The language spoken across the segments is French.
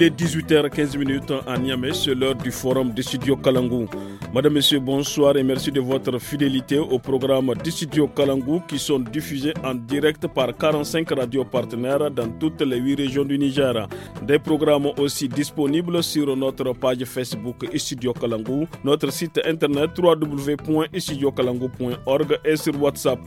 Il est 18h15 à Niamey, c'est l'heure du forum des studios Kalangou. Madame, Monsieur, bonsoir et merci de votre fidélité au programme d'Issidio studio qui sont diffusés en direct par 45 radios partenaires dans toutes les 8 régions du Niger. Des programmes aussi disponibles sur notre page Facebook Studio Kalangu, notre site internet www.istudiokalangu.org et sur WhatsApp.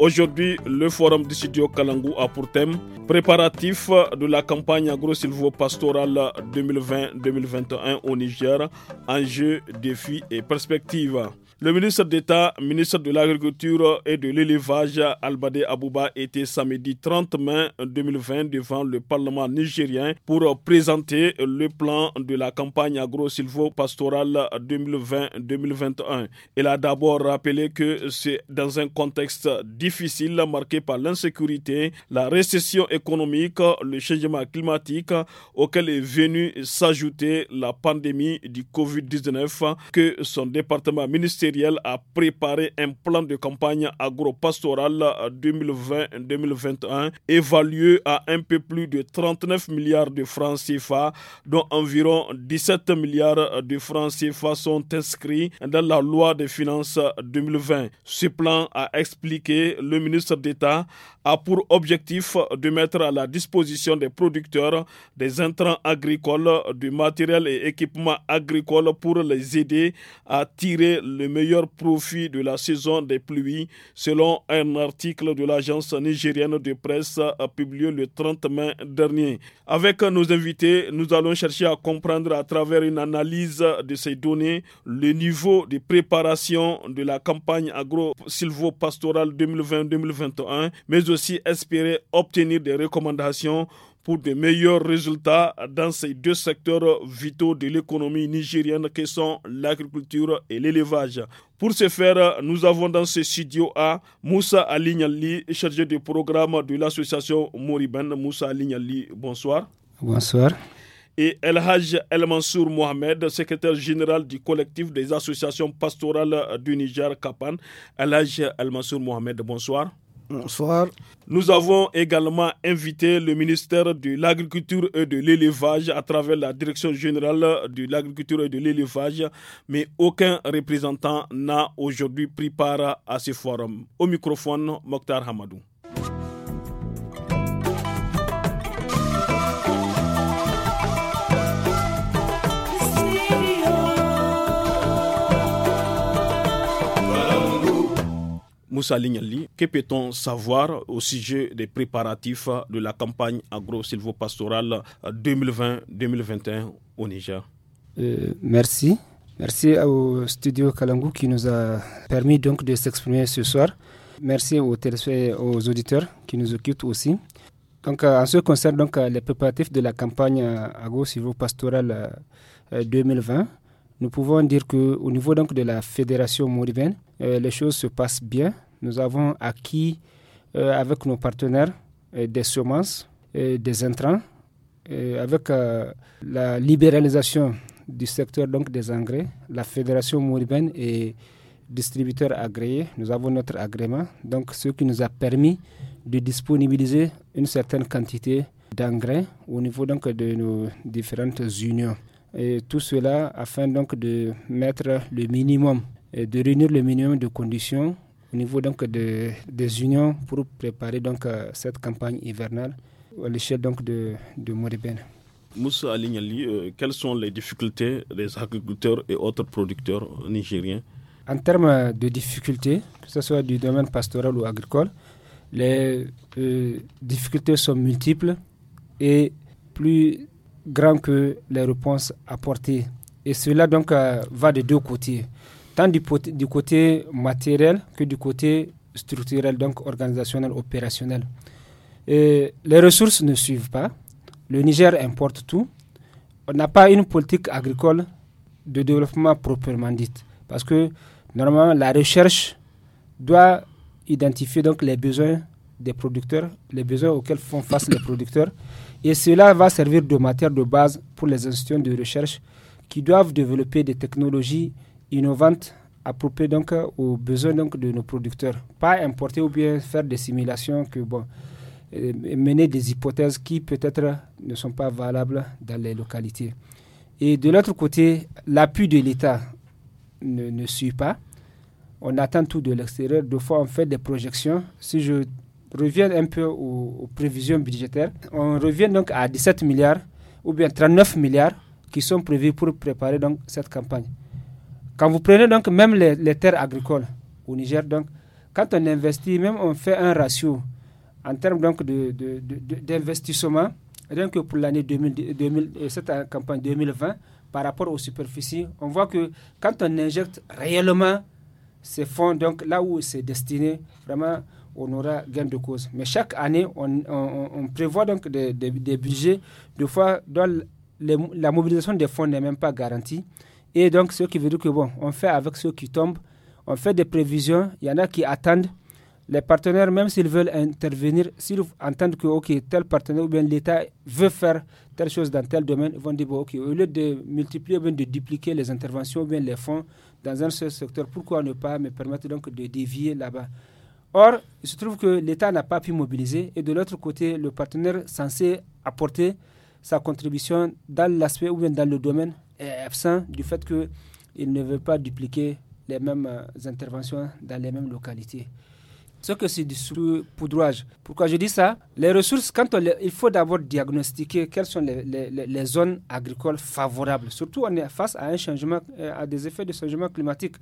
Aujourd'hui, le forum d'Issidio studio a pour thème préparatif de la campagne agro-silvo-pastorale 2020-2021 au Niger, enjeux, défis et perspectiva Le ministre d'État, ministre de l'Agriculture et de l'Élevage, Albade Abouba, était samedi 30 mai 2020 devant le Parlement nigérien pour présenter le plan de la campagne agro-silvo-pastorale 2020-2021. Il a d'abord rappelé que c'est dans un contexte difficile marqué par l'insécurité, la récession économique, le changement climatique auquel est venue s'ajouter la pandémie du Covid-19 que son département ministériel a préparé un plan de campagne agropastorale 2020-2021 euh, évalué à un peu plus de 39 milliards de francs CFA, dont environ 17 milliards de francs CFA sont inscrits dans la loi des finances 2020. Ce plan, a expliqué le ministre d'État, a pour objectif de mettre à la disposition des producteurs des intrants agricoles, du matériel et équipement agricole pour les aider à tirer le meilleur profit de la saison des pluies, selon un article de l'agence nigérienne de presse publié le 30 mai dernier. Avec nos invités, nous allons chercher à comprendre à travers une analyse de ces données le niveau de préparation de la campagne agro-silvopastorale 2020-2021, mais aussi espérer obtenir des recommandations pour de meilleurs résultats dans ces deux secteurs vitaux de l'économie nigérienne qui sont l'agriculture et l'élevage. Pour ce faire, nous avons dans ce studio à Moussa Alignali, chargé du programme de l'association Moribane. Moussa Alignali, bonsoir. Bonsoir et El Haj El Mansour Mohamed, secrétaire général du collectif des associations pastorales du Niger, Kapan. El Haj El Mansour Mohamed, bonsoir. Bonsoir. Nous avons également invité le ministère de l'Agriculture et de l'Élevage à travers la Direction générale de l'Agriculture et de l'Élevage, mais aucun représentant n'a aujourd'hui pris part à ce forum. Au microphone, Mokhtar Hamadou. Moussa Lignali, que peut-on savoir au sujet des préparatifs de la campagne agro-silvopastorale 2020-2021 au Niger euh, Merci. Merci au studio Kalangu qui nous a permis donc de s'exprimer ce soir. Merci aux, aux auditeurs qui nous occupent aussi. Donc, euh, en ce qui concerne donc, euh, les préparatifs de la campagne agro-silvopastorale 2020, nous pouvons dire qu'au niveau donc de la fédération mauribaine, euh, les choses se passent bien. Nous avons acquis euh, avec nos partenaires euh, des semences, des intrants, avec la libéralisation du secteur donc des engrais. La fédération mauribaine est distributeur agréé. Nous avons notre agrément, donc ce qui nous a permis de disponibiliser une certaine quantité d'engrais au niveau donc de nos différentes unions. Et tout cela afin donc de mettre le minimum, et de réunir le minimum de conditions au niveau donc de, des unions pour préparer donc euh, cette campagne hivernale à l'échelle donc de, de Moribène. Moussa Alignali, euh, quelles sont les difficultés des agriculteurs et autres producteurs nigériens En termes de difficultés, que ce soit du domaine pastoral ou agricole, les euh, difficultés sont multiples et plus grand que les réponses apportées. Et cela donc euh, va de deux côtés, tant du, côté matériel que du côté structurel, donc organisationnel, opérationnel. les ressources ne suivent pas. Le Niger importe tout. On n'a pas une politique agricole de développement proprement dite. Parce que normalement, la recherche doit identifier donc les besoins des producteurs, les besoins auxquels font face les producteurs et cela va servir de matière de base pour les institutions de recherche qui doivent développer des technologies innovantes appropriées donc aux besoins donc de nos producteurs. Pas importer ou bien faire des simulations que bon, euh, mener des hypothèses qui peut-être ne sont pas valables dans les localités. Et de l'autre côté, l'appui de l'État ne, suit pas. On attend tout de l'extérieur. Deux fois, on fait des projections. Si je reviennent un peu aux, prévisions budgétaires. On revient donc à 17 milliards ou bien 39 milliards qui sont prévus pour préparer donc cette campagne. Quand vous prenez donc même les, terres agricoles au Niger, donc quand on investit, même on fait un ratio en termes donc d'investissement, rien que pour l'année 2000, euh, cette euh, campagne 2020, par rapport aux superficies, on voit que quand on injecte réellement ces fonds, donc là où c'est destiné, vraiment, on aura gain de cause. Mais chaque année, on, prévoit donc des, budgets, des fois la mobilisation des fonds n'est même pas garantie. Et donc, ce qui veut dire que, bon, on fait avec ceux qui tombent, on fait des prévisions, il y en a qui attendent. Les partenaires, même s'ils veulent intervenir, s'ils entendent que, OK, tel partenaire ou bien l'État veut faire telle chose dans tel domaine, ils vont dire, OK, au lieu de multiplier ou bien de dupliquer les interventions ou bien les fonds dans un seul secteur, pourquoi ne pas me permettre donc de dévier là-bas Or, il se trouve que l'État n'a pas pu mobiliser et de l'autre côté, le partenaire censé apporter sa contribution dans l'aspect ou bien dans le domaine est absent du fait qu'il ne veut pas dupliquer les mêmes euh, interventions dans les mêmes localités. Ce que c'est du sous-poudrage. Pourquoi je dis ça Les ressources, quand il faut d'abord diagnostiquer quelles sont les, les, zones agricoles favorables. Surtout, on est face à un changement, euh, à des effets de changement climatique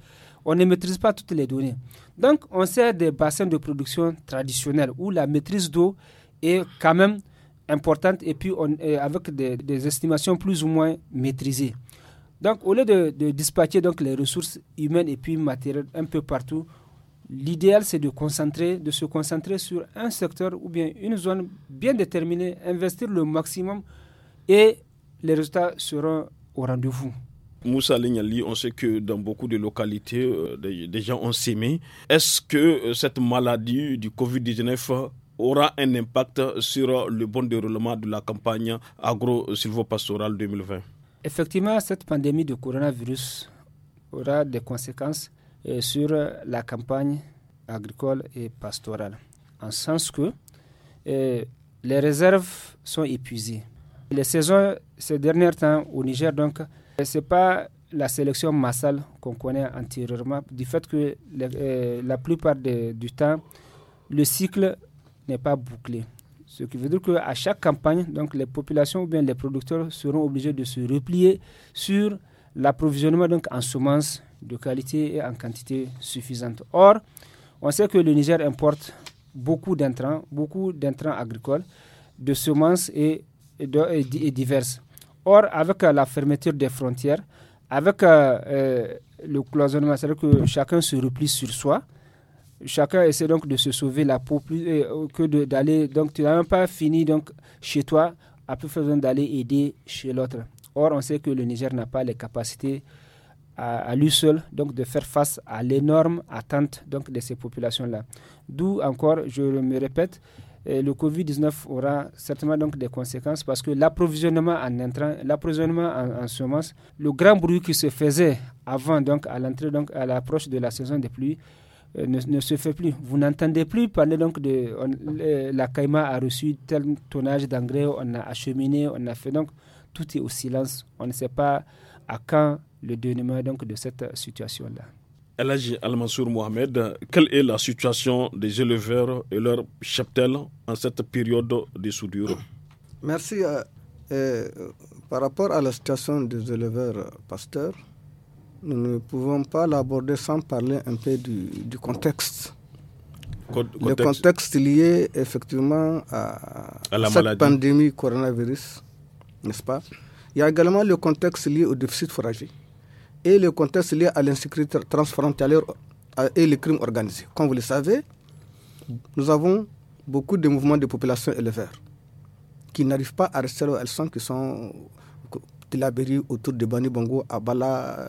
on ne maîtrise pas toutes les données. Donc, on sert des bassins de production traditionnels où la maîtrise d'eau est quand même importante et puis on avec des, estimations plus ou moins maîtrisées. Donc, au lieu de, dispatcher donc les ressources humaines et puis matérielles un peu partout, l'idéal c'est de concentrer, de se concentrer sur un secteur ou bien une zone bien déterminée, investir le maximum et les résultats seront au rendez-vous. Moussa Lignali, on sait que dans beaucoup de localités, euh, des, gens ont sémé. Est-ce que euh, cette maladie du Covid-19 aura un impact sur le bon déroulement de la campagne agro-silvopastorale 2020 Effectivement, cette pandémie de coronavirus aura des conséquences euh, sur la campagne agricole et pastorale, en sens que les réserves sont épuisées. Les saisons ces derniers temps au Niger, donc, ce n'est pas la sélection massale qu'on connaît antérieurement, du fait que euh, la plupart du temps, le cycle n'est pas bouclé. Ce qui veut dire qu'à chaque campagne, donc les populations ou bien les producteurs seront obligés de se replier sur l'approvisionnement donc en semences de qualité et en quantité suffisante. Or, on sait que le Niger importe beaucoup d'intrants, beaucoup d'intrants agricoles, de semences et, et diverses. Or, avec euh, la fermeture des frontières, avec euh, euh, le cloisonnement, c'est-à-dire que chacun se replie sur soi, chacun essaie donc de se sauver la peau plus que d'aller. Donc, tu n'as même pas fini donc, chez toi, à plus besoin d'aller aider chez l'autre. Or, on sait que le Niger n'a pas les capacités à, à, lui seul donc, de faire face à l'énorme attente donc, de ces populations-là. D'où encore, je me répète, euh, le Covid-19 aura certainement donc des conséquences parce que l'approvisionnement en entrant, l'approvisionnement en, semences, le grand bruit qui se faisait avant, donc à l'entrée, donc à l'approche de la saison des pluies, euh, ne, se fait plus. Vous n'entendez plus parler donc de la Caïma a reçu tel tonnage d'engrais, on a acheminé, on a fait donc tout est au silence. On ne sait pas à quand le dénouement donc de cette situation là. Al-Mansour Mohamed, quelle est la situation des éleveurs et leur cheptels en cette période de soudure Merci. Euh, euh, par rapport à la situation des éleveurs pasteurs, nous ne pouvons pas l'aborder sans parler un peu du, contexte. Le contexte lié effectivement à, la cette pandémie coronavirus, n'est-ce pas Il y a également le contexte lié au déficit forager et le contexte lié à l'insécurité transfrontalière euh, et les crimes organisés. Comme vous le savez, nous avons beaucoup de mouvements de population éleveurs qui n'arrivent pas à rester où elles sont, qui sont Berry autour de Bani Bongo, à Bala,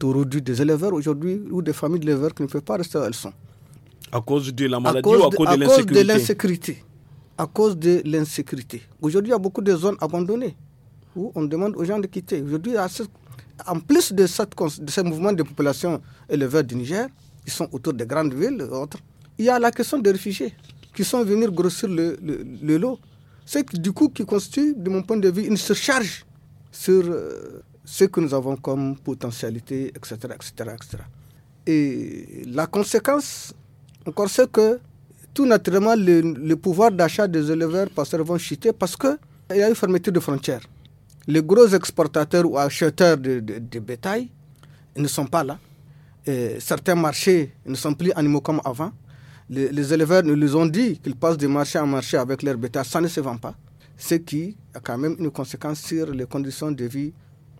euh, des éleveurs aujourd'hui ou des familles d'éleveurs qui ne peuvent pas rester où elles sont. À cause de la maladie ou à cause de, de l'insécurité À cause de l'insécurité. Aujourd'hui, il y a beaucoup de zones abandonnées où on demande aux gens de quitter. Aujourd'hui, il y a en plus de, cette, de ces de population éleveur du Niger, qui sont autour des grandes villes, autres, il y a la question des réfugiés qui sont venus grossir le, lot. C'est du coup qui constitue, de mon point de vue, une surcharge sur euh, ce que nous avons comme potentialité, etc., etc., Et la conséquence, encore, c'est que tout naturellement, le, pouvoir d'achat des éleveurs pasteurs vont chuter parce qu'il y a une fermeture de frontières les gros exportateurs ou acheteurs de, de, bétail ne sont pas là. Et certains marchés ne sont plus animaux comme avant. Les, éleveurs nous les ont dit qu'ils passent de marché en marché avec leur bétail, ça ne se vend pas. Ce qui a quand même une conséquence sur les conditions de vie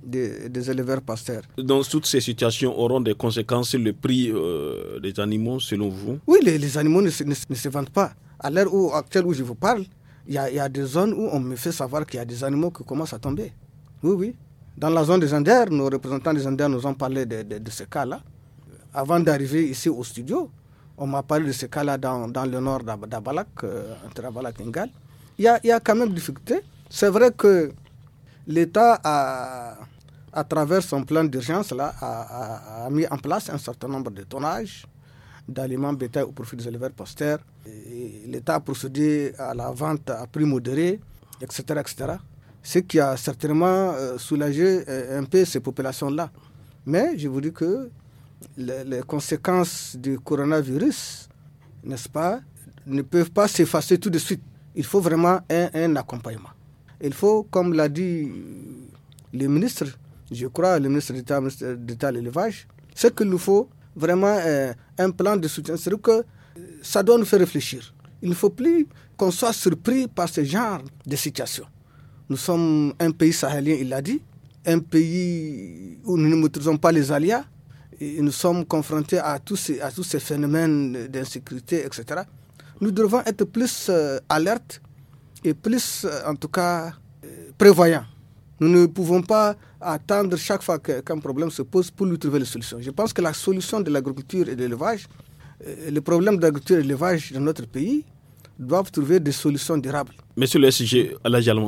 des, éleveurs pasteurs. Donc toutes ces situations auront des conséquences sur le prix euh, des animaux, selon vous Oui, les, animaux ne se, ne, se, vendent pas. À l'heure actuelle où je vous parle, il y a, des zones où on me fait savoir qu'il y a des animaux qui commencent à tomber. Oui, oui. Dans la zone des Indères, nos représentants des Indères nous ont parlé de, ces ce cas-là. Avant d'arriver ici au studio, on m'a parlé de ce cas-là dans, le nord d'Abalak, euh, entre Abalak et Ngal. Il y a, quand même des difficultés. C'est vrai que l'État à travers son plan d'urgence, là, a, mis en place un certain nombre de tonnages d'aliments bétail au profit des éleveurs pasteurs. L'État a procédé à la vente à prix modéré, etc. etc. Ce qui a certainement euh, soulagé euh, un peu ces populations-là. Mais je vous dis que les conséquences du coronavirus, n'est-ce pas, ne peuvent pas s'effacer tout de suite. Il faut vraiment un, accompagnement. Il faut, comme l'a dit euh, le ministre, je crois, le ministre d'État, d'État l'élevage, ce qu'il nous faut, vraiment euh, un plan de soutien. C'est-à-dire que euh, ça doit nous faire réfléchir. Il ne faut plus qu'on soit surpris par ce genre de situation. Nous sommes un pays sahélien, il l'a dit, un pays où nous ne maîtrisons pas les alias Et nous sommes confrontés à tous ces, à tous ces phénomènes d'insécurité, etc. Nous devons être plus euh, alertes et plus, en tout cas, prévoyants nous ne pouvons pas attendre chaque fois qu'un problème se pose pour lui trouver la solution. Je pense que la solution de l'agriculture et de l'élevage, euh, les problèmes d'agriculture et d'élevage dans notre pays doivent trouver des solutions durables. Monsieur le SG,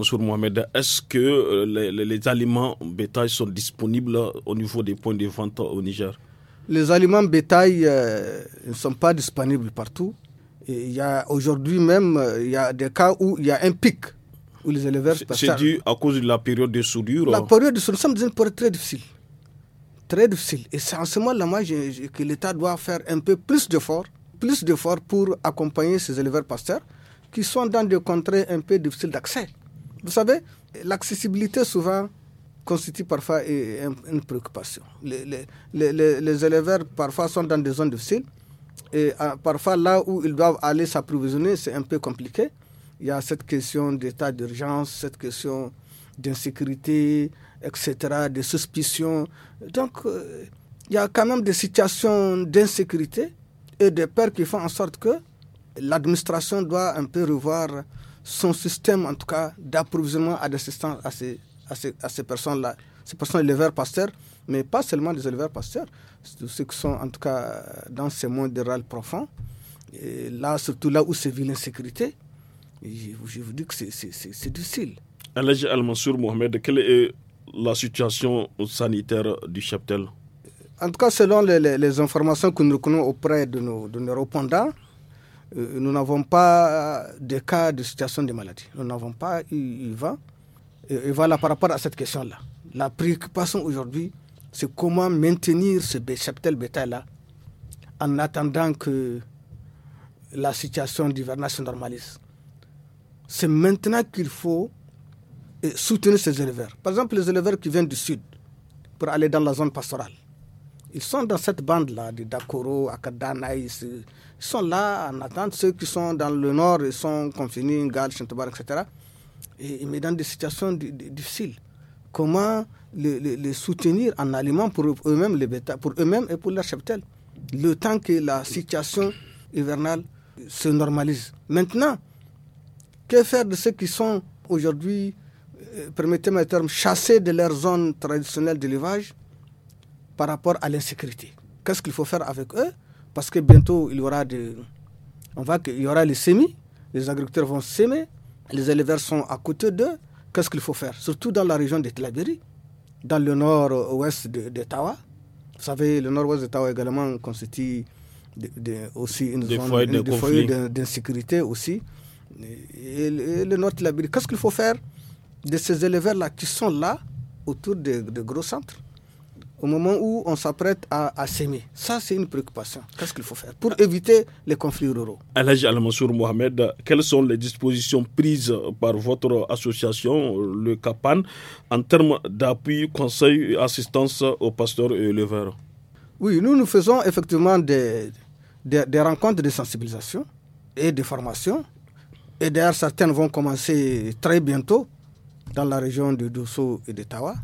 sur Mohamed, est-ce que euh, les, aliments bétail sont disponibles au niveau des points de vente au Niger Les aliments bétail euh, ne sont pas disponibles partout. Il y a aujourd'hui même il y a des cas où il y a un pic où les éleveurs... C'est dû à cause de la période de soudure La hein. période de soudure, ça une période très difficile. Très difficile. Et c'est en ce moment-là moi, que l'État doit faire un peu plus d'efforts, plus d'efforts pour accompagner ces éleveurs pasteurs qui sont dans des contrées un peu difficiles d'accès. Vous savez, l'accessibilité souvent constitue parfois une préoccupation. les, les, éleveurs parfois sont dans des zones difficiles et ah, parfois là où ils doivent aller s'approvisionner, c'est un peu compliqué. Il y a cette question d'état d'urgence, cette question d'insécurité, etc., de suspicion. Donc, euh, il y a quand même des situations d'insécurité et de peur qui font en sorte que l'administration doit un peu revoir son système, en tout cas, d'approvisionnement à d'assistance à ces, à ces, personnes-là. Ces personnes éleveurs pasteurs, mais pas seulement des éleveurs pasteurs, ceux qui sont en tout cas dans ces mondes râles profonds. Et là, surtout là où se vit l'insécurité, je, vous dis que c'est difficile. Alaj Al-Mansour Mohamed, quelle est la situation sanitaire du cheptel En tout cas, selon les, informations que nous reconnaissons auprès de nos, de nos répondants, euh, nous n'avons pas de cas de situation de maladie. Nous n'avons pas eu, va. vent. Et, voilà, par rapport à cette question-là, la préoccupation aujourd'hui, c'est comment maintenir ce cheptel bétail-là en attendant que la situation d'hivernage se normalise c'est maintenant qu'il faut euh, soutenir ces éleveurs. Par exemple, les éleveurs qui viennent du sud pour aller dans la zone pastorale. Ils sont dans cette bande-là, de Dakoro, Akadana, ils sont là en attente. Ceux qui sont dans le nord, ils sont confinés, Ngal, Chantobar, etc. Et, mettent dans des situations difficiles. Comment les, soutenir en aliments pour eux-mêmes, les pour eux-mêmes et pour leur cheptel Le temps que la situation hivernale se normalise. Maintenant, que faire de ceux qui sont aujourd'hui, euh, permettez-moi le terme, chassés de leur zone traditionnelle d'élevage par rapport à l'insécurité Qu'est-ce qu'il faut faire avec eux Parce que bientôt, il y aura, de, on va, qu'il y aura les semis, les agriculteurs vont s'aimer, les éleveurs sont à côté d'eux. Qu'est-ce qu'il faut faire Surtout dans la région de Tlaberi, dans le nord-ouest de, Vous savez, le nord-ouest de Tawa également constitue de, aussi une zone foyers d'insécurité aussi et, le notre Qu'est-ce qu'il faut faire de ces éleveurs-là qui sont là autour des gros centres au moment où on s'apprête à, s'aimer. Ça, c'est une préoccupation. Qu'est-ce qu'il faut faire pour éviter les conflits ruraux Alaj Al-Mansour Mohamed, quelles sont les dispositions prises par votre association, le CAPAN, en termes d'appui, conseil et assistance aux pasteurs et éleveurs Oui, nous, nous faisons effectivement des rencontres de sensibilisation et de formation et d'ailleurs certaines vont commencer très bientôt dans la région de Dosso et de Tawa.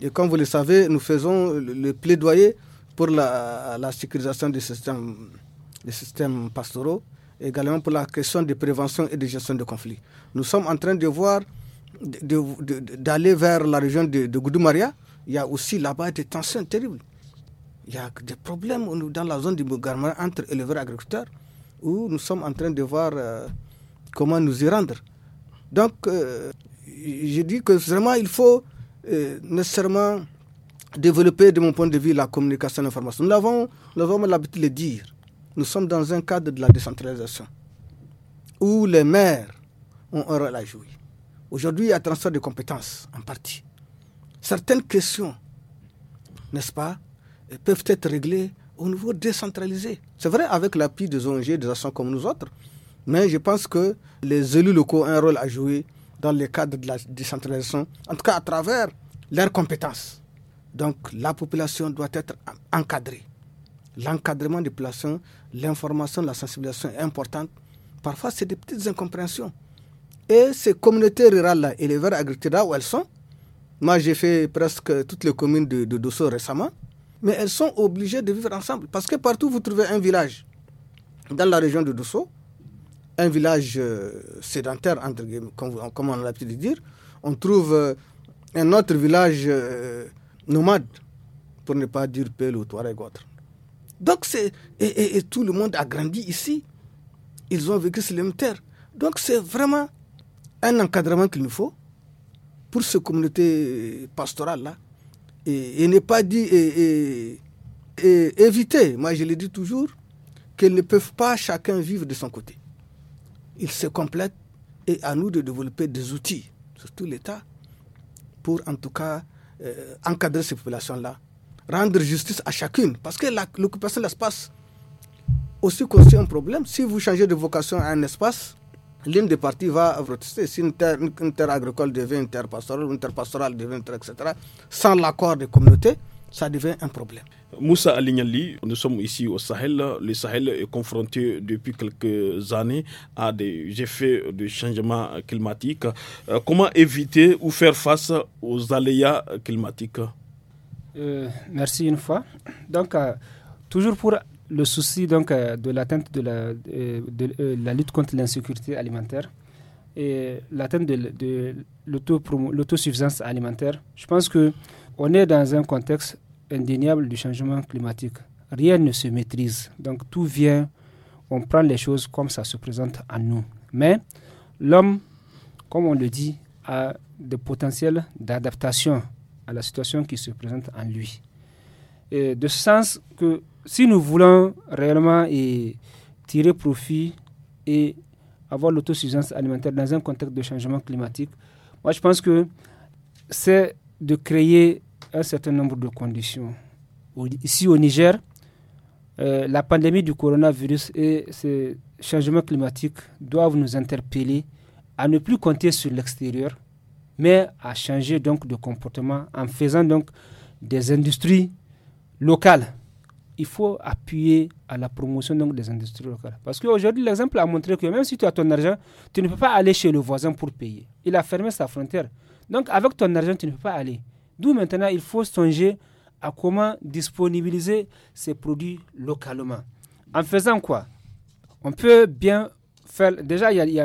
Et comme vous le savez, nous faisons le plaidoyer pour la, sécurisation des systèmes, pastoraux, également pour la question de prévention et de gestion de conflits. Nous sommes en train de voir, d'aller vers la région de, de Goudoumaria. Il y a aussi là-bas des tensions terribles. Il y a des problèmes dans la zone du Bougarmara entre éleveurs et agriculteurs, où nous sommes en train de voir... Euh, comment nous y rendre. Donc, euh, je dis que vraiment, il faut euh, nécessairement développer, de mon point de vue, la communication et l'information. Nous avons l'habitude de dire. Nous sommes dans un cadre de la décentralisation où les maires ont un rôle à jouer. Aujourd'hui, il y a transfert de compétences, en partie. Certaines questions, n'est-ce pas, peuvent être réglées au niveau décentralisé. C'est vrai avec l'appui des ONG, des actions comme nous autres. Mais je pense que les élus locaux ont un rôle à jouer dans le cadre de la décentralisation, en tout cas à travers leurs compétences. Donc la population doit être encadrée. L'encadrement des populations, l'information, la sensibilisation est importante. Parfois, c'est des petites incompréhensions. Et ces communautés rurales-là, verts agriculteurs, là où elles sont, moi j'ai fait presque toutes les communes de, de Dosso récemment, mais elles sont obligées de vivre ensemble. Parce que partout, vous trouvez un village dans la région de Dosso, un village euh, sédentaire, entre comme, comme, on a l'habitude de dire, on trouve euh, un autre village euh, nomade, pour ne pas dire Pelle ou Touareg autre. Donc, c'est, et, et, tout le monde a grandi ici. Ils ont vécu sur les terres. Donc, c'est vraiment un encadrement qu'il nous faut pour ces communauté pastorale là Et, et n'est pas dit, et, éviter, moi je le dis toujours, qu'ils ne peuvent pas chacun vivre de son côté. Il se complète et à nous de développer des outils, surtout l'État, pour en tout cas euh, encadrer ces populations-là, rendre justice à chacune, parce que l'occupation de l'espace aussi constitue un problème. Si vous changez de vocation à un espace, l'une des parties va protester. Si une terre, agricole devient une terre pastorale, une terre pastorale devient une terre, etc., sans l'accord des communautés, ça devient un problème. Moussa Alignali, nous sommes ici au Sahel. Le Sahel est confronté depuis quelques années à des effets de changement climatique. Euh, comment éviter ou faire face aux aléas climatiques euh, Merci une fois. Donc, euh, toujours pour le souci donc, de l'atteinte de, la, la, lutte contre l'insécurité alimentaire et l'atteinte de, de l'autosuffisance alimentaire, je pense que on est dans un contexte indéniable du changement climatique. Rien ne se maîtrise. Donc tout vient, on prend les choses comme ça se présente à nous. Mais l'homme, comme on le dit, a des potentiels d'adaptation à la situation qui se présente en lui. Et de ce sens que si nous voulons réellement et tirer profit et avoir l'autosuffisance alimentaire dans un contexte de changement climatique, moi je pense que c'est de créer un certain nombre de conditions. Ici au Niger, euh, la pandémie du coronavirus et ces changements climatiques doivent nous interpeller à ne plus compter sur l'extérieur, mais à changer donc de comportement en faisant donc des industries locales. Il faut appuyer à la promotion donc des industries locales. Parce qu'aujourd'hui, l'exemple a montré que même si tu as ton argent, tu ne peux pas aller chez le voisin pour payer. Il a fermé sa frontière. Donc avec ton argent, tu ne peux pas aller. D'où maintenant, il faut songer à comment disponibiliser ces produits localement. En faisant quoi On peut bien faire... Déjà, il y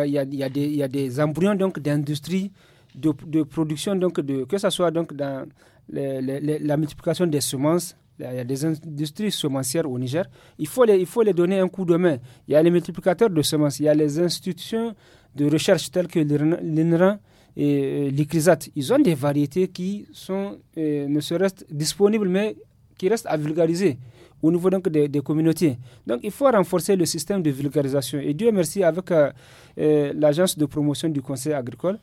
a, des embryons d'industrie, de, production, donc de, que ce soit donc dans la multiplication des semences, il y a des industries semencières au Niger. Il faut il faut les donner un coup de main. Il y a les multiplicateurs de semences, il y a les institutions de recherche telles que l'INRAN, et euh, les ils ont des variétés qui sont, euh, se restent disponibles, mais qui restent à vulgariser au niveau donc des, des, communautés. Donc il faut renforcer le système de vulgarisation. Et Dieu merci, avec euh, l'agence de promotion du conseil agricole,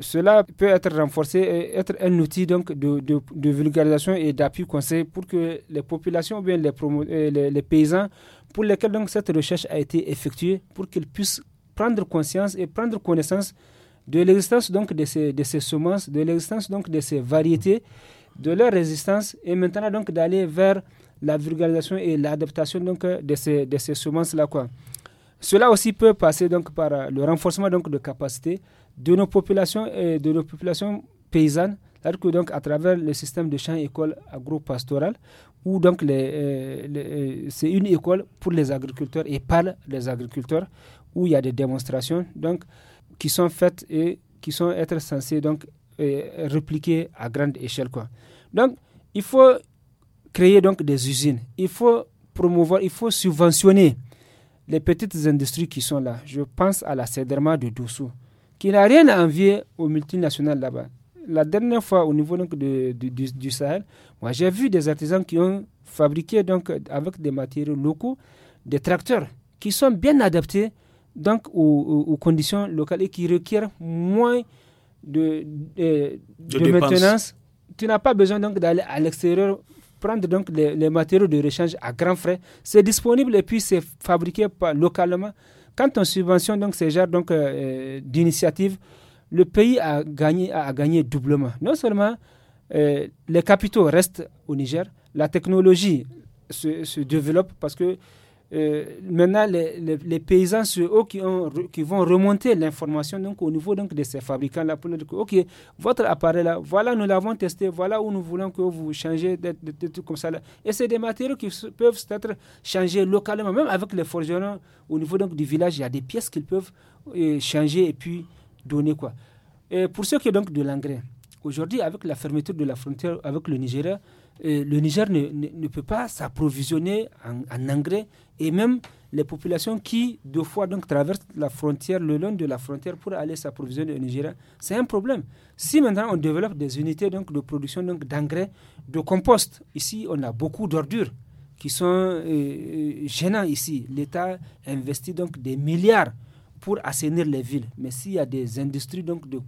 cela peut être renforcé et être un outil donc de, vulgarisation et d'appui conseil pour que les populations ou bien les, les, les, paysans pour lesquels donc cette recherche a été effectuée, pour qu'ils puissent prendre conscience et prendre connaissance de l'existence donc de ces, de ces semences, de l'existence donc de ces variétés, de leur résistance et maintenant donc d'aller vers la vulgarisation et l'adaptation donc de ces, de ces semences-là. Quoi. Cela aussi peut passer donc par le renforcement donc de capacités de nos populations et de nos populations paysannes, que donc à travers le système de champs école agro-pastorales, où donc les, euh, euh, c'est une école pour les agriculteurs et par les agriculteurs, où il y a des démonstrations. Donc, qui sont faites et qui sont être censées donc euh, répliquer à grande échelle quoi. Donc il faut créer donc des usines, il faut promouvoir, il faut subventionner les petites industries qui sont là. Je pense à la Cederma de Doussou, qui n'a rien à envier aux multinationales là-bas. La dernière fois au niveau donc du, du, Sahel, moi j'ai vu des artisans qui ont fabriqué donc avec des matériaux locaux des tracteurs qui sont bien adaptés donc aux, conditions locales et qui requièrent moins de, de, maintenance. Tu n'as pas besoin donc d'aller à l'extérieur prendre donc les, matériaux de rechange à grands frais. C'est disponible et puis c'est fabriqué localement. Quand on subventionne donc ces genres donc euh, euh, d'initiative, le pays a gagné a gagné doublement. Non seulement euh, les capitaux restent au Niger, la technologie se, se développe parce que euh, maintenant les, les, paysans sur eux qui, qui vont remonter l'information donc au niveau donc de ces fabricants là pour dire ok votre appareil là voilà nous l'avons testé voilà où nous voulons que vous changez de, de, comme ça et c'est des matériaux qui peuvent être changés localement même avec les forgerons au niveau donc du village il y a des pièces qu'ils peuvent euh, changer et puis donner quoi et pour ce qui est donc de l'engrais aujourd'hui avec la fermeture de la frontière avec le Nigeria le Niger ne, peut pas s'approvisionner en, engrais et même les populations qui, deux fois, donc, traversent la frontière, le long de la frontière pour aller s'approvisionner au Nigeria, c'est un problème. Si maintenant on développe des unités donc, de production d'engrais, de compost, ici on a beaucoup d'ordures qui sont gênantes euh, euh, gênants ici. L'État investit donc des milliards pour assainir les villes. Mais s'il y a des industries donc, de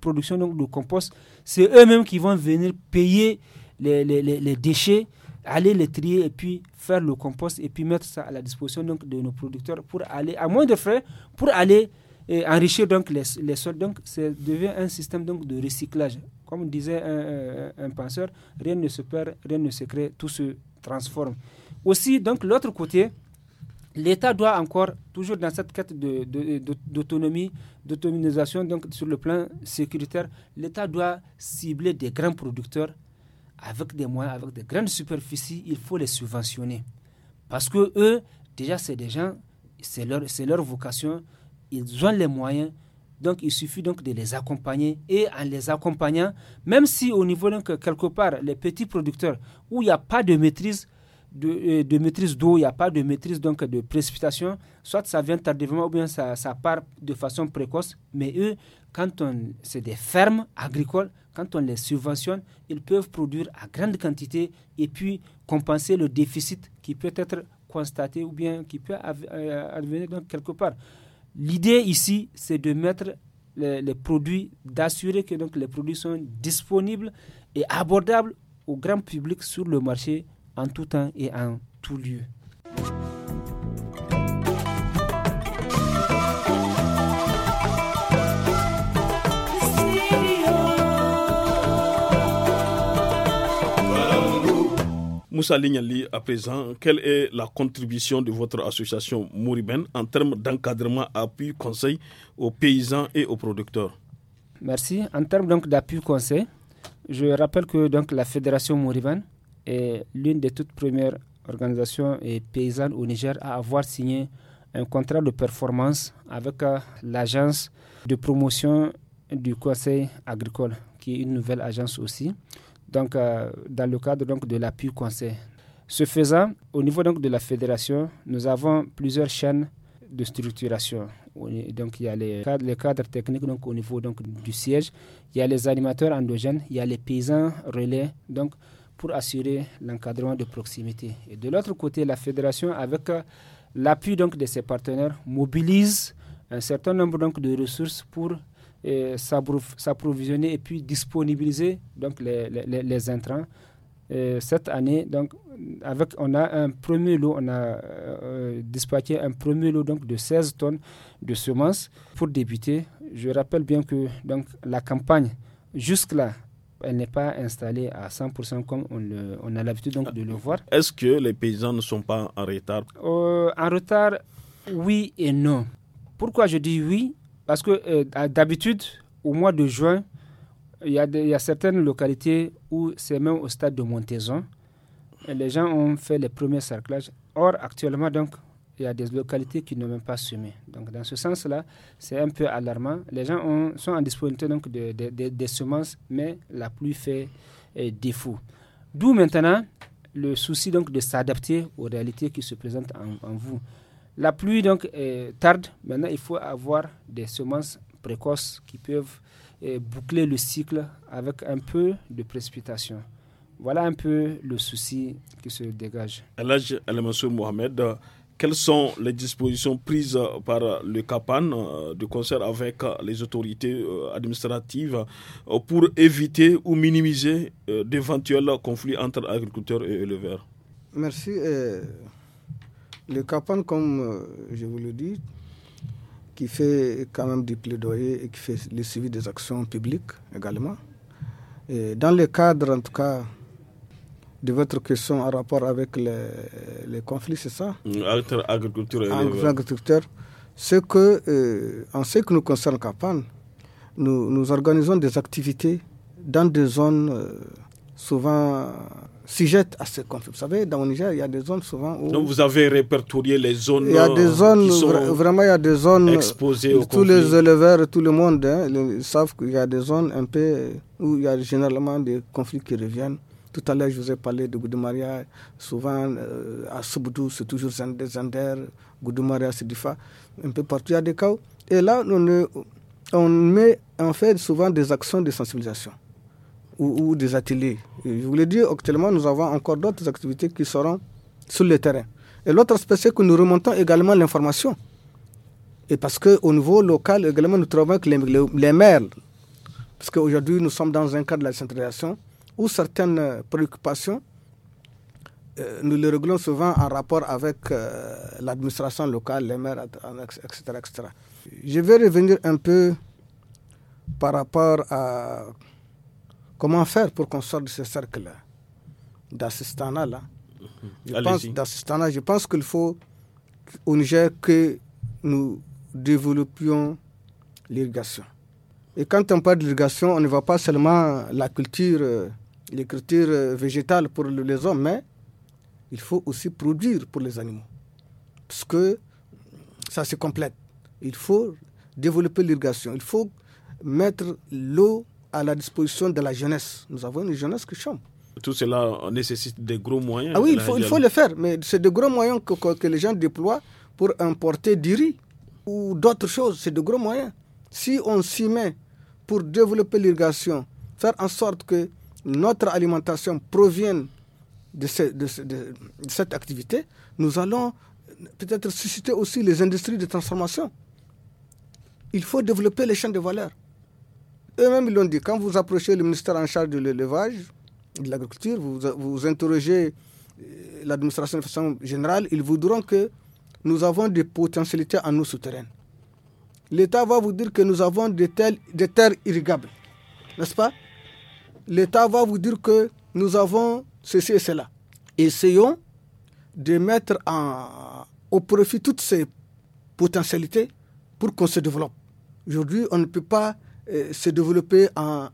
production donc, de compost, c'est eux-mêmes qui vont venir payer les, déchets, aller les trier et puis faire le compost et puis mettre ça à la disposition donc, de nos producteurs pour aller, à moins de frais, pour aller euh, enrichir donc les, les sols. Donc, ça devient un système donc de recyclage. Comme disait un, penseur, rien ne se perd, rien ne se crée, tout se transforme. Aussi, donc, l'autre côté, l'État doit encore, toujours dans cette quête d'autonomie, de, d'autonomisation, donc sur le plan sécuritaire, l'État doit cibler des grands producteurs avec des moyens, avec des grandes superficies, il faut les subventionner. Parce que eux, déjà, c'est des gens, c'est leur, leur vocation, ils ont les moyens, donc il suffit donc de les accompagner. Et en les accompagnant, même si au niveau, donc, quelque part, les petits producteurs, où il n'y a pas de maîtrise, de, euh, de maîtrise d'eau, il n'y a pas de maîtrise donc de précipitation, soit ça vient tardivement ou bien ça, ça part de façon précoce, mais eux, quand c'est des fermes agricoles, quand on les subventionne, ils peuvent produire à grande quantité et puis compenser le déficit qui peut être constaté ou bien qui peut euh, advenir quelque part. L'idée ici, c'est de mettre les, les produits, d'assurer que donc les produits sont disponibles et abordables au grand public sur le marché en tout temps et en tout lieu. Moussa Lignali, à présent, quelle est la contribution de votre association Mouriben en termes d'encadrement, appui, conseil aux paysans et aux producteurs Merci. En termes donc d'appui, conseil, je rappelle que donc la fédération Mouriben est l'une des toutes premières organisations paysannes au Niger à avoir signé un contrat de performance avec euh, l'agence de promotion du conseil agricole, qui est une nouvelle agence aussi donc, euh, dans le cadre donc, de l'appui conseil. Ce faisant, au niveau donc, de la fédération, nous avons plusieurs chaînes de structuration. Donc, il y a les cadres, les cadres techniques donc, au niveau donc, du siège, il y a les animateurs endogènes, il y a les paysans relais donc, pour assurer l'encadrement de proximité. Et de l'autre côté, la fédération, avec euh, l'appui donc, de ses partenaires, mobilise un certain nombre donc, de ressources pour s'approvisionner et puis disponibiliser donc les, les, intrants. cette année, donc, avec, on a un premier lot, on a euh, euh, dispatché un premier lot donc, de 16 tonnes de semences pour débuter. Je rappelle bien que donc, la campagne, jusque-là, elle n'est pas installée à 100% comme on, on a l'habitude donc, de le voir. Est-ce que les paysans ne sont pas en retard euh, En retard, oui et non. Pourquoi je dis oui parce que euh, d'habitude, au mois de juin, il y, a certaines localités où c'est même au stade de Montaison. les gens ont fait les premiers cerclages. Or, actuellement, donc, il y a des localités qui ne même pas semé. Donc, dans ce sens-là, c'est un peu alarmant. Les gens sont en disponibilité donc, des semences, mais la pluie fait euh, défaut. D'où maintenant le souci donc, de s'adapter aux réalités qui se présentent en vous. La pluie donc tarde. Maintenant, il faut avoir des semences précoces qui peuvent euh, boucler le cycle avec un peu de précipitation. Voilà un peu le souci qui se dégage. Alors, Monsieur Mohamed, quelles sont les dispositions prises par le CAPAN euh, de concert avec les autorités euh, administratives pour éviter ou minimiser d'éventuels conflits entre agriculteurs et éleveurs Merci. Le CAPAN, comme euh, je vous le dis, qui fait quand même du plaidoyer et qui fait le suivi des actions publiques également. dans le cadre, en tout cas, de votre question en rapport avec les, conflits, c'est ça Agriculture et C'est que, euh, en ce qui nous concerne CAPAN, nous, organisons des activités dans des zones euh, souvent euh, sujettes à ces conflits. Vous savez, dans le Niger, il y a des zones souvent où... Donc vous avez répertorié les zones... Il y a des zones, vraiment, il y a des zones... Exposées aux Tous les éleveurs, tout le monde hein, ils savent qu'il y a des zones un peu où il y a généralement des conflits qui reviennent. Tout à l'heure, je vous ai parlé de Goudoumaria. Souvent, euh, à Souboudou, c'est toujours Zander, Zander Goudoumaria, c'est Difa. Un peu partout, il y a des cas. Et là, on met en fait souvent des actions de sensibilisation ou, des ateliers. je voulais dire, actuellement, nous avons encore d'autres activités qui seront sur le terrain. Et l'autre aspect, c'est que nous remontons également l'information. Et parce qu'au niveau local, également, nous travaillons avec les, maires. Parce qu'aujourd'hui, nous sommes dans un cadre de la centralisation où certaines euh, préoccupations, euh, nous les réglons souvent en rapport avec euh, l'administration locale, les maires, etc., etc. Je vais revenir un peu par rapport à Comment faire pour qu'on sorte de ce cercle-là, d'assistanat-là je pense, je pense qu'il faut au Niger que nous développions l'irrigation. Et quand on parle d'irrigation, on ne voit pas seulement la culture, euh, l'écriture euh, végétale pour les hommes, mais il faut aussi produire pour les animaux. Parce que ça se complète. Il faut développer l'irrigation. Il faut mettre l'eau à la disposition de la jeunesse. Nous avons une jeunesse qui chante. Tout cela nécessite des gros moyens. Ah oui, il faut, le faire, mais c'est de gros moyens que, les gens déploient pour importer du riz ou d'autres choses. C'est de gros moyens. Si on s'y met pour développer l'irrigation, faire en sorte que notre alimentation provienne de, de cette activité, nous allons peut-être susciter aussi les industries de transformation. Il faut développer les chaînes de valeur. Eux-mêmes, ils l'ont dit. Quand vous approchez le ministère en charge de l'élevage, de l'agriculture, vous, interrogez euh, l'administration de façon générale, ils vous diront que nous avons des potentialités en eau souterraine. L'État va vous dire que nous avons des, des terres irrigables, n'est-ce pas L'État va vous dire que nous avons ceci et cela. Essayons de mettre au profit toutes ces potentialités pour qu'on se développe. Aujourd'hui, on ne peut pas euh, se développer en,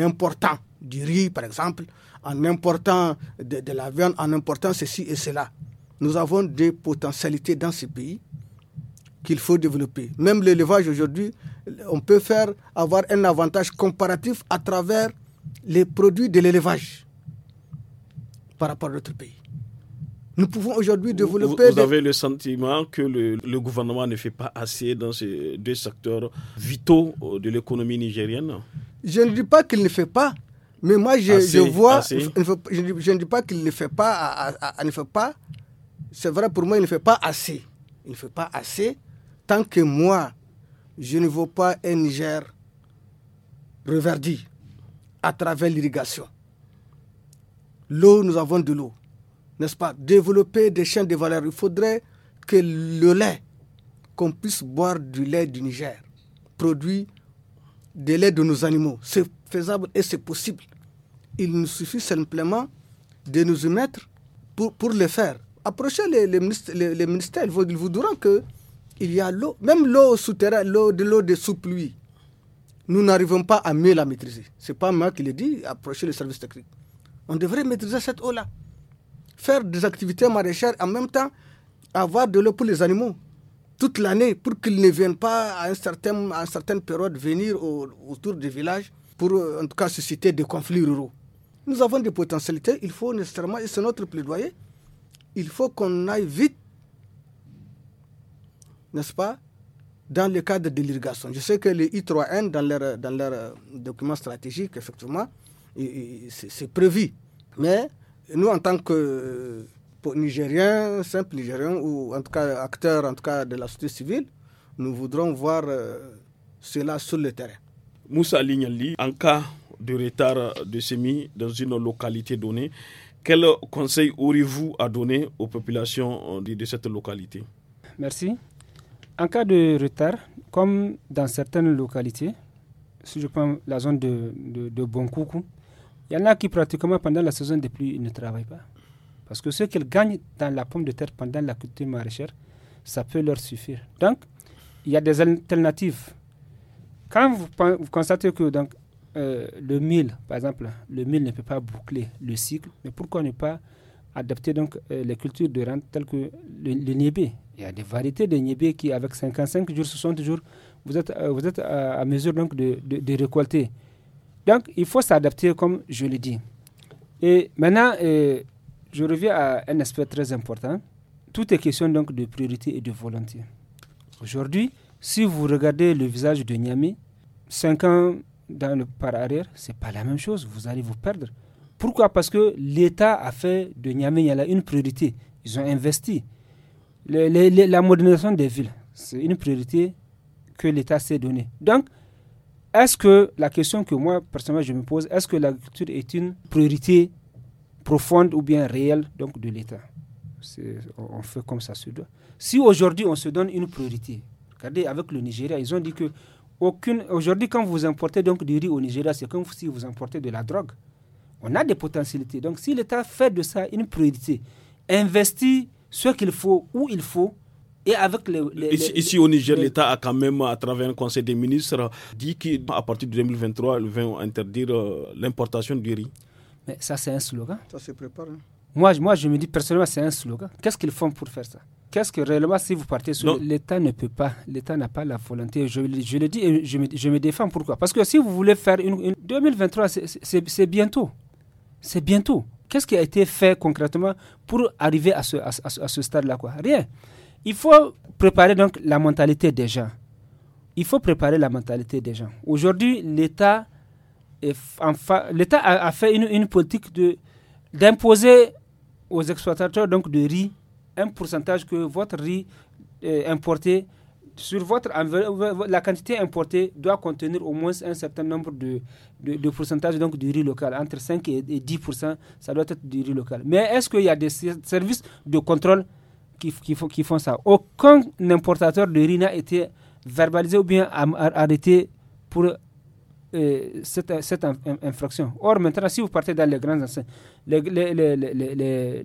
important du riz, par exemple, en important de, la viande, en important ceci et cela. Nous avons des potentialités dans ces pays qu'il faut développer. Même l'élevage aujourd'hui, on peut faire avoir un avantage comparatif à travers les produits de l'élevage par rapport à d'autres pays. Nous pouvons aujourd'hui développer. Vous, vous avez le sentiment que le, gouvernement ne fait pas assez dans ces deux secteurs vitaux euh, de l'économie nigérienne Je ne dis pas qu'il ne fait pas, mais moi je, vois. Je, ne dis pas qu'il ne fait pas. ne fait pas. C'est vrai pour moi, il ne fait pas assez. Il ne fait pas assez tant que moi, je ne vois pas un Niger reverdi à travers l'irrigation. L'eau, nous avons de l'eau n'est-ce pas, développer des chaînes de valeur. Il faudrait que le lait, qu'on puisse boire du lait du Niger, produit des laits de nos animaux. C'est faisable et c'est possible. Il nous suffit simplement de nous y mettre pour, pour le faire. Approchez les, les, ministères, ils vous, que il y a l'eau, même l'eau souterraine, l'eau de l'eau de sous-pluie. Nous n'arrivons pas à mieux la maîtriser. Ce n'est pas moi qui l'ai dit, approchez les services techniques On devrait maîtriser cette eau-là faire des activités maraîchères en même temps avoir de l'eau pour les animaux toute l'année pour qu'ils ne viennent pas à, un certain, à une certaine période venir autour du villages pour euh, en tout cas susciter des conflits ruraux. Nous avons des potentialités, il faut nécessairement, et c'est notre plaidoyer, il faut qu'on aille vite, n'est-ce pas, dans le cadre de l'irrigation. Je sais que les I3N, dans leur, dans leur euh, document stratégique, effectivement, c'est prévu. Mais nous, en tant que Nigériens, simples Nigériens, ou en tout cas acteurs en tout cas de la société civile, nous voudrons voir euh, cela sur le terrain. Moussa Lignali, en cas de retard de semis dans une localité donnée, quel conseil auriez-vous à donner aux populations de cette localité Merci. En cas de retard, comme dans certaines localités, si je prends la zone de, de, de Bonkoukou, il y en a qui pratiquement pendant la saison des pluies ne travaillent pas. Parce que ce qu'ils gagnent dans la pomme de terre pendant la culture maraîchère, ça peut leur suffire. Donc, il y a des alternatives. Quand vous, constatez que donc, euh, le mil, par exemple, le mil ne peut pas boucler le cycle, mais pourquoi ne pas adapter donc, euh, les cultures de rente telles que le, nibé niébé Il y a des variétés de niébé qui, avec 55 jours, 60 jours, vous êtes, euh, vous êtes à, mesure donc, de, de récolter. Donc, il faut s'adapter, comme je l'ai dit. Et maintenant, euh, je reviens à un aspect très important. Tout est question donc de priorité et de volonté. Aujourd'hui, si vous regardez le visage de Niamey, cinq ans dans le par arrière, c'est pas la même chose. Vous allez vous perdre. Pourquoi Parce que l'État a fait de Niamey là une priorité. Ils ont investi. la modernisation des villes, c'est une priorité que l'État s'est donnée. Donc, est-ce que la question que moi, personnellement, je me pose, est-ce que l'agriculture est une priorité profonde ou bien réelle donc, de l'État On fait comme ça se doit. Si aujourd'hui on se donne une priorité, regardez avec le Nigeria, ils ont dit que Aujourd'hui, quand vous importez donc du riz au Nigeria, c'est comme si vous importez de la drogue. On a des potentialités. Donc, si l'État fait de ça une priorité, investit ce qu'il faut, où il faut, ici, au Niger, l'État a quand même, à travers un conseil des ministres, dit qu'à partir de 2023, il vont interdire euh, l'importation du riz. Mais ça, c'est un slogan. Ça se prépare. Hein. Moi, moi, je me dis personnellement, c'est un slogan. Qu'est-ce qu'ils font pour faire ça Qu'est-ce que réellement, si vous partez sur l'État ne peut pas, l'État n'a pas la volonté. Je, le dis et je me, défends. Pourquoi Parce que si vous voulez faire une, 2023, c'est bientôt. C'est bientôt. Qu'est-ce qui a été fait concrètement pour arriver à ce, à, à ce stade-là Rien. Il faut préparer donc la mentalité des gens. Il faut préparer la mentalité des gens. Aujourd'hui, l'État a, fait une, politique d'imposer aux exploitateurs donc de riz un pourcentage que votre riz euh, importé sur votre la quantité importée doit contenir au moins un certain nombre de, de, pourcentages donc du riz local entre 5 et 10 ça doit être du riz local mais est-ce qu'il y a des services de contrôle qui, font ça. Aucun importateur de riz n'a été verbalisé ou bien arrêté pour euh, cette, infraction. Or, maintenant, si vous partez dans les grands enseignes, les,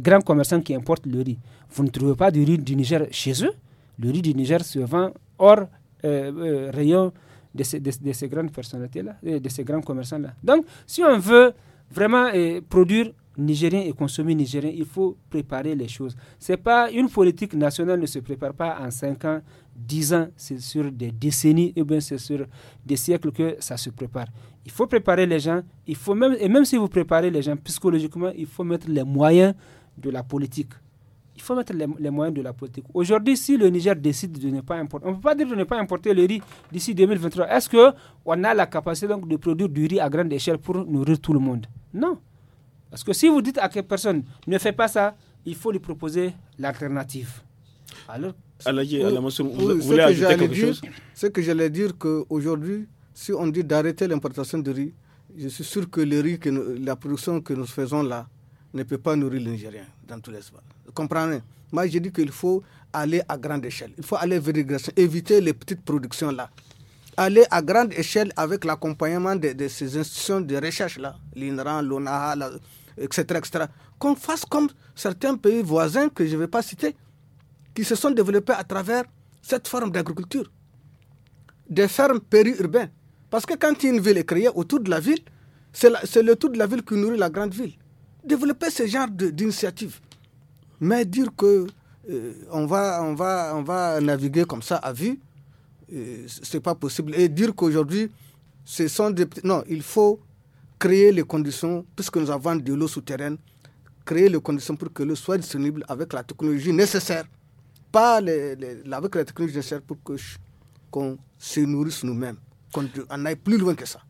grands commerçants qui importent le riz, vous ne trouvez pas du riz du Niger chez eux. Le riz du Niger se vend hors euh, euh, rayon de ces, grandes personnalités-là, de ces grands commerçants-là. Donc, si on veut vraiment produire Nigérien et consommer Nigérien. Il faut préparer les choses. C'est pas une politique nationale ne se prépare pas en 5 ans, 10 ans. C'est sur des décennies et eh bien c'est sur des siècles que ça se prépare. Il faut préparer les gens. Il faut même et même si vous préparez les gens psychologiquement, il faut mettre les moyens de la politique. Il faut mettre les, moyens de la politique. Aujourd'hui, si le Niger décide de ne pas importer, on ne peut pas dire de ne pas importer le riz d'ici 2023. Est-ce qu'on a la capacité donc de produire du riz à grande échelle pour nourrir tout le monde Non. Parce que si vous dites à quelle personne ne fais pas ça, il faut lui proposer l'alternative. Alors, vous, voulez ajouter quelque dire, chose Ce que j'allais dire qu'aujourd'hui, si on dit d'arrêter l'importation de riz, je suis sûr que le riz, que la production que nous faisons là, ne peut pas nourrir les dans tous les Vous Comprenez Moi, je dis qu'il faut aller à grande échelle. Il faut aller vers l'éducation, éviter les petites productions là aller à grande échelle avec l'accompagnement de, ces institutions de recherche-là, l'INRAN, l'ONAHA, etc., etc. Qu'on fasse comme certains pays voisins que je ne vais pas citer, qui se sont développés à travers cette forme d'agriculture. Des fermes périurbaines. Parce que quand une ville est créée autour de la ville, c'est le tour de la ville qui nourrit la grande ville. Développer ce genre d'initiative. Mais dire que euh, on, va, on, va, on va naviguer comme ça à vue, c'est pas possible. Et dire qu'aujourd'hui, ce sont des... Non, il faut créer les conditions, puisque nous avons de l'eau souterraine, créer les conditions pour que l'eau soit disponible avec la technologie nécessaire. Pas avec la technologie nécessaire pour que qu'on se nourrisse nous-mêmes, qu'on aille plus loin que ça.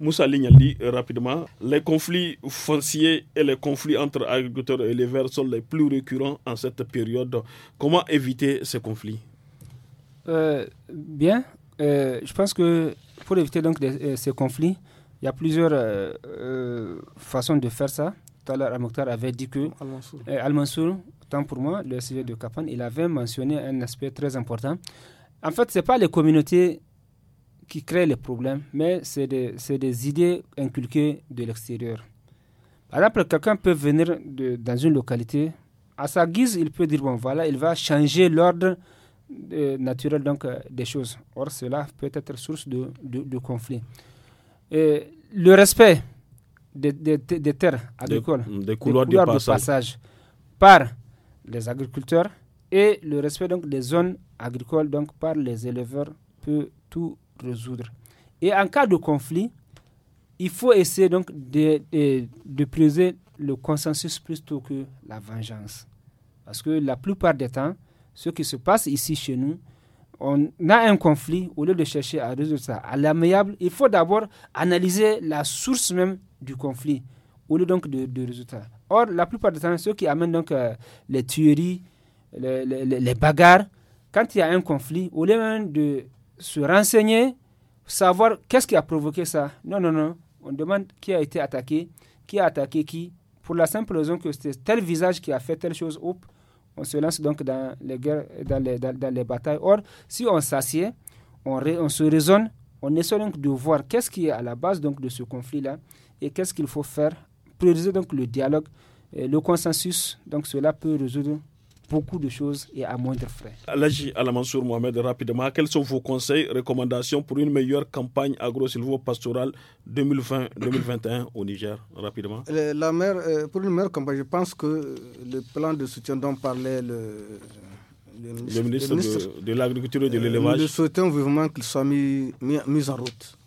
Moussa Lignali, euh, rapidement, les conflits fonciers et les conflits entre agriculteurs et éleveurs sont les plus récurrents en cette période. Comment éviter ces conflits euh, bien. Euh, je pense que pour éviter donc euh, ces conflits, il y a plusieurs façons de faire ça. Tout à l'heure, al avait dit que Al-Mansour, tant pour moi, le sujet de Kapan, il avait mentionné un aspect très important. En fait, ce n'est pas les communautés qui créent les problèmes, mais c'est des, idées inculquées de l'extérieur. Par exemple, quelqu'un peut venir de, dans une localité, à sa guise, il peut dire, bon voilà, il va changer l'ordre naturel donc, euh, des choses. Or, cela peut être source de, de, de conflits. le respect des, terres agricoles, des, couloirs, de, passage. par les agriculteurs et le respect donc, des zones agricoles donc, par les éleveurs peut tout résoudre. Et en cas de conflit, il faut essayer donc de, de, de le consensus plutôt que la vengeance. Parce que la plupart des temps, ce qui se passe ici chez nous, on a un conflit, au lieu de chercher à résoudre ça à l'amiable, il faut d'abord analyser la source même du conflit, au lieu donc de, de résoudre ça. Or, la plupart du temps, ceux qui amènent donc euh, les tueries, les, les, bagarres, quand il y a un conflit, au lieu même de se renseigner, savoir qu'est-ce qui a provoqué ça, non, non, non, on demande qui a été attaqué, qui a attaqué qui, pour la simple raison que c'était tel visage qui a fait telle chose, ou on se lance donc dans les guerres, dans les, batailles. Or, si on s'assied, on, on se raisonne, on essaie donc de voir qu'est-ce qui est à la base donc de ce conflit-là et qu'est-ce qu'il faut faire, prioriser donc le dialogue, et le consensus, donc cela peut résoudre beaucoup de choses et à moindre frais. Alaji Alamansour Mohamed, rapidement, quels sont vos conseils, recommandations pour une meilleure campagne agro-silvopastorale 2020-2021 au Niger Rapidement. Euh, la euh, pour une meilleure campagne, je pense que le plan de soutien dont parlait le, ministre, de, l'Agriculture et de l'Élevage. Euh, nous souhaitons vivement qu'il soit mis, en route.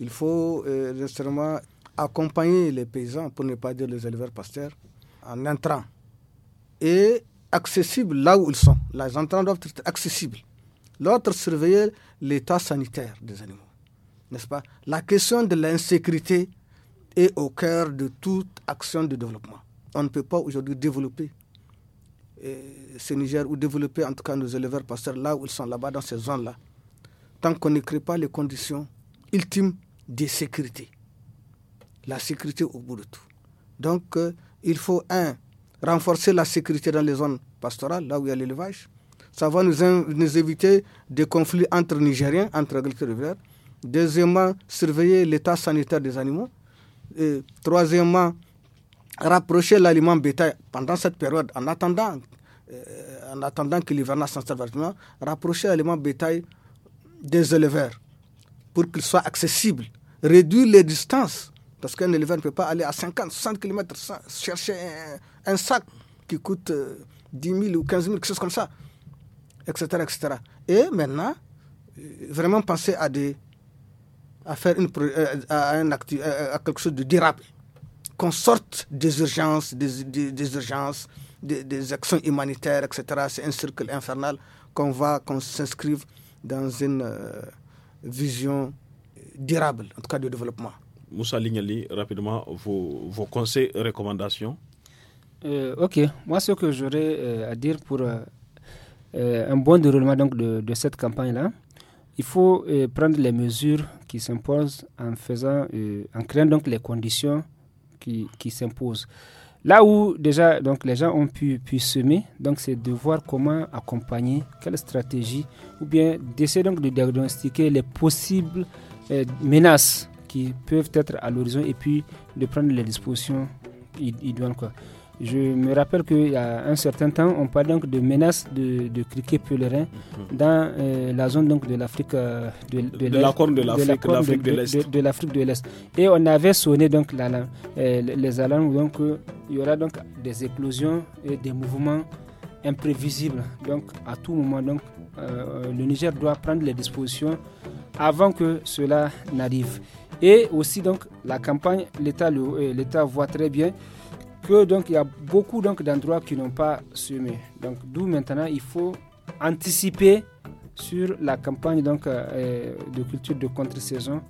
Il faut justement accompagner les paysans, pour ne pas dire les éleveurs pasteurs, en entrant. Et accessibles là où ils sont. Les entrants doivent être accessibles. L'autre, surveiller l'état sanitaire des animaux. N'est-ce pas La question de l'insécurité est au cœur de toute action de développement. On ne peut pas aujourd'hui développer euh, ce Niger ou développer en tout cas nos éleveurs pasteurs là où ils sont là-bas dans ces zones-là. Tant qu'on ne crée pas les conditions ultimes de sécurité. La sécurité au bout de tout. Donc, euh, il faut, un, renforcer la sécurité dans les zones pastorales, là où il y a l'élevage. Ça va nous, nous, éviter des conflits entre Nigériens, entre agriculteurs rivières. Deuxièmement, surveiller l'état sanitaire des animaux. Et troisièmement, rapprocher l'aliment bétail pendant cette période, en attendant, euh, en attendant que l'hivernage s'installe rapprocher l'aliment bétail des éleveurs pour qu'il soit accessible, réduire les distances parce qu'un éleveur ne peut pas aller à 50, 60 km chercher un, sac qui coûte 10 euh, 000 ou 15 000, quelque chose comme ça, etc. etc. Et maintenant, euh, vraiment penser à, des, à faire une, euh, à, un quelque chose de durable. Qu'on sorte des urgences, des, urgences, des, actions humanitaires, etc. C'est un cercle infernal qu'on va, qu'on s'inscrive dans une vision durable, en tout cas du développement. Moussa Lignali, rapidement, vos, conseils conseils, recommandations euh, Ok, moi ce que j'aurais euh, à dire pour euh, un bon déroulement donc, de, cette campagne-là, il faut prendre les mesures qui s'imposent en, faisant, en créant donc les conditions qui, s'imposent. Là où déjà donc, les gens ont pu, pu semer, donc c'est de voir comment accompagner, quelle stratégie, ou bien d'essayer donc de diagnostiquer les possibles menaces qui peuvent être à l'horizon et puis de prendre les dispositions idoines. Quoi. Je me rappelle qu'il y a un certain temps, on parlait donc de menaces de, de pèlerin mhm. dans euh, la zone donc de l'Afrique de, de, l'Afrique de l'Est. Et on avait sonné donc euh, les alarmes donc euh, il y aura donc des éclosions et des mouvements imprévisibles. Donc à tout moment donc le Niger doit prendre les dispositions avant que cela n'arrive. Et aussi, donc, la campagne, euh, l'État voit très bien que donc il y a beaucoup donc d'endroits qui n'ont pas semé. Donc d'où maintenant il faut anticiper sur la campagne donc euh, euh, de culture de contre-saison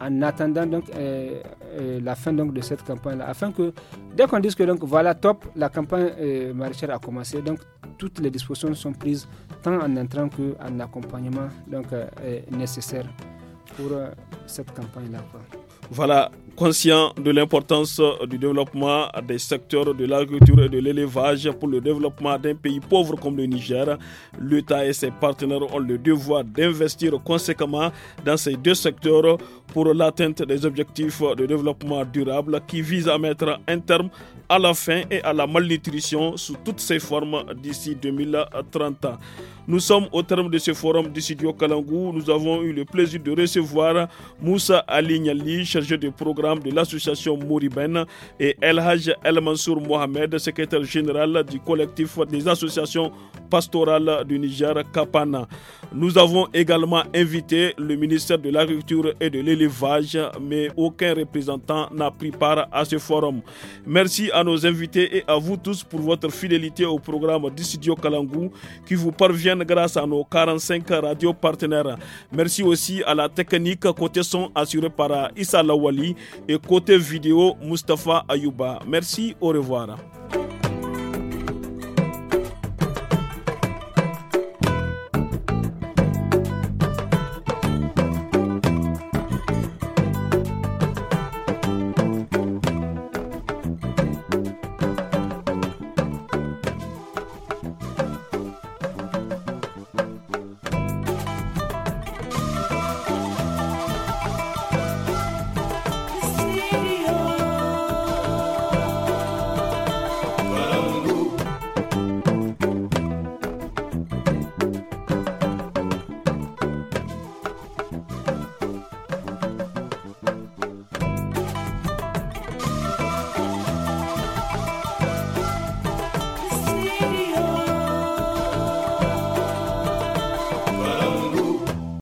en attendant donc la fin donc de cette campagne là afin que dès qu'on dise que donc voilà top la campagne maraîchère a commencé donc toutes les dispositions sont prises tant en entrant qu'en accompagnement donc nécessaire pour euh, cette campagne-là. Voilà, conscient de l'importance euh, du développement des secteurs de l'agriculture et de l'élevage pour le développement d'un pays pauvre comme le Niger, l'État et ses partenaires ont le devoir d'investir conséquemment dans ces deux secteurs pour l'atteinte des objectifs de développement durable qui visent à mettre un terme à la faim et à la malnutrition sous toutes ses formes d'ici 2030. Nous sommes au terme de ce forum Dissidio Kalangou. Nous avons eu le plaisir de recevoir Moussa Ali chargé de programme de l'association Mouriben, et El Haj El Mansour Mohamed, secrétaire général du collectif des associations pastorales du Niger, Kapana. Nous avons également invité le ministère de l'Agriculture et de l'Élevage, mais aucun représentant n'a pris part à ce forum. Merci à nos invités et à vous tous pour votre fidélité au programme Dissidio Kalangou qui vous parvient grâce à nos 45 radios partenaires. Merci aussi à la technique côté son assurée par Issa Lawali et côté vidéo Mustapha Ayouba. Merci, au revoir.